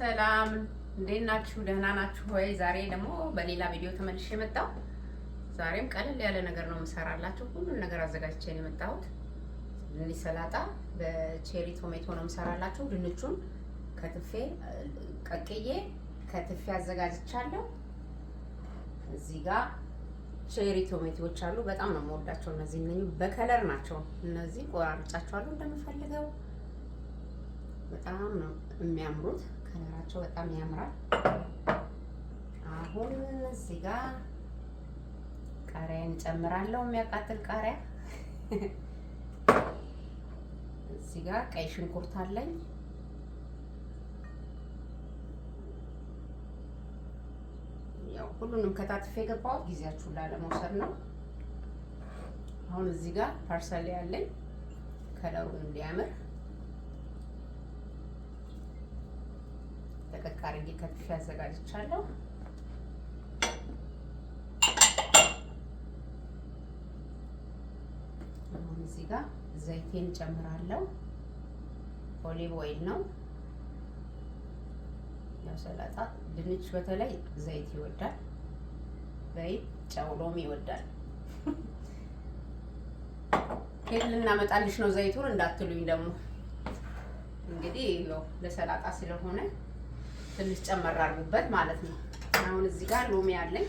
ሰላም እንዴት ናችሁ? ደህና ናችሁ ወይ? ዛሬ ደግሞ በሌላ ቪዲዮ ተመልሼ የመጣው ዛሬም ቀለል ያለ ነገር ነው የምሰራላችሁ። ሁሉን ነገር አዘጋጅቼ ነው የመጣሁት። ድንች ሰላጣ በቼሪ ቶሜቶ ነው የምሰራላችሁ። ድንቹን ከትፌ ቀቅዬ ከትፌ አዘጋጅቻለሁ። እዚህ ጋር ቼሪ ቶሜቶዎች አሉ። በጣም ነው የምወዳቸው እነዚህ። በከለር ናቸው እነዚህ። ቆራርጫቸዋለሁ እንደምፈልገው። በጣም ነው የሚያምሩት ከለራቸው በጣም ያምራል። አሁን እዚህ ጋር ቃሪያን ጨምራለሁ፣ የሚያቃጥል ቃሪያ። እዚህ ጋር ቀይ ሽንኩርት አለኝ። ያው ሁሉንም ከታትፌ የገባሁት ጊዜያችሁን ላለመውሰድ ነው። አሁን እዚህ ጋር ፓርሰል አለኝ ከለሩን እንዲያምር ደቀቅ አድርጌ ከትፌ አዘጋጅቻለሁ። አሁን እዚህ ጋር ዘይቴን ጨምራለሁ። ኦሊቭ ኦይል ነው። ያው ሰላጣ ድንች በተለይ ዘይት ይወዳል። ዘይት ጨው፣ ሎሚ ይወዳል። ከየት ልናመጣልሽ ነው ዘይቱን እንዳትሉኝ ደግሞ እንግዲህ ለሰላጣ ስለሆነ ትንሽ ጨመር አድርጉበት ማለት ነው። አሁን እዚህ ጋር ሎሚ አለኝ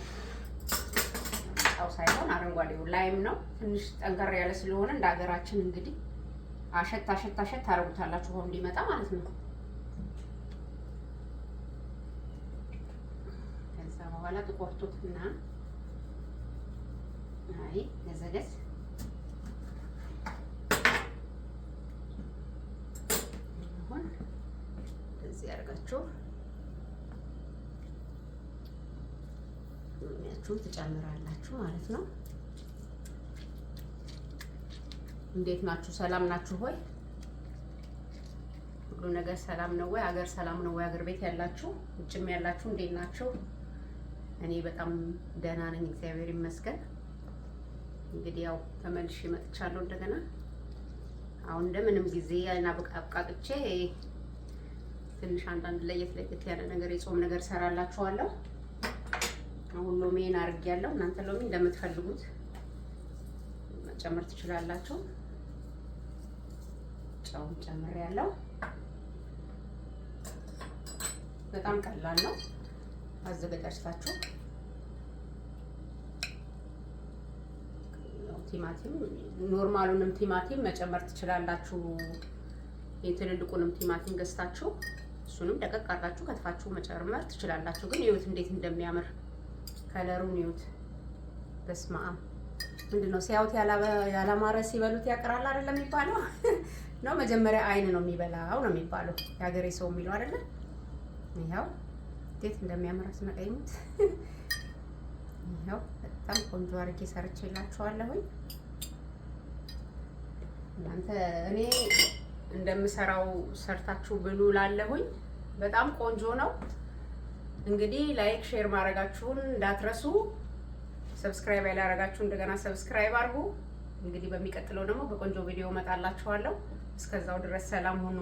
ጣው ሳይሆን አረንጓዴው ላይም ነው። ትንሽ ጠንከር ያለ ስለሆነ እንደ ሀገራችን እንግዲህ አሸት አሸት አሸት ታደርጉታላችሁ ውሃው እንዲመጣ ማለት ነው። ከዛ በኋላ ትቆርጡትና አይ ገዘገዝ አሁን እዚህ ያደርጋችሁ እያችሁን ትጨምራላችሁ ማለት ነው። እንዴት ናችሁ? ሰላም ናችሁ ሆይ? ሁሉ ነገር ሰላም ነው ወይ? አገር ሰላም ነው ወይ? አገር ቤት ያላችሁ ውጭም ያላችሁ እንዴት ናችሁ? እኔ በጣም ደህና ነኝ፣ እግዚአብሔር ይመስገን። እንግዲህ ያው ተመልሼ መጥቻለሁ እንደገና። አሁን እንደምንም ጊዜ ያና አብቃቅቼ ትንሽ አንዳንድ ለየት ለየት ያለ ነገር የጾም ነገር ሰራላችኋለሁ። አሁን ሎሜን ያለው እናንተ ሎሚ እንደምትፈልጉት መጨመር ትችላላችሁ። ጨውን ያለው በጣም ቀላል ነው። አዘገጃጅታችሁ ቲማቲም ኖርማሉንም ቲማቲም መጨመር ትችላላችሁ። የትልልቁንም ቲማቲም ገዝታችሁ እሱንም ደቀቅ አድርጋችሁ ከትፋችሁ መጨመር ትችላላችሁ። ግን ይሁት እንዴት እንደሚያምር ከለሩን ይዩት። በስመ አብ ምንድን ነው ሲያዩት ያላማረ ሲበሉት ያቅራል አይደለም የሚባለው ነው። መጀመሪያ አይን ነው የሚበላው ነው የሚባለው የሀገሬ ሰው የሚለው አይደለም። ይኸው እንዴት እንደሚያምር አስመቀኙት። ይኸው በጣም ቆንጆ አድርጌ ሰርቼ እላችኋለሁኝ። እናንተ እኔ እንደምሰራው ሰርታችሁ ብሉ እላለሁኝ። በጣም ቆንጆ ነው። እንግዲህ ላይክ ሼር ማድረጋችሁን እንዳትረሱ። ሰብስክራይብ ያላረጋችሁ እንደገና ሰብስክራይብ አድርጉ። እንግዲህ በሚቀጥለው ደግሞ በቆንጆ ቪዲዮ እመጣላችኋለሁ። እስከዛው ድረስ ሰላም ሁኑ።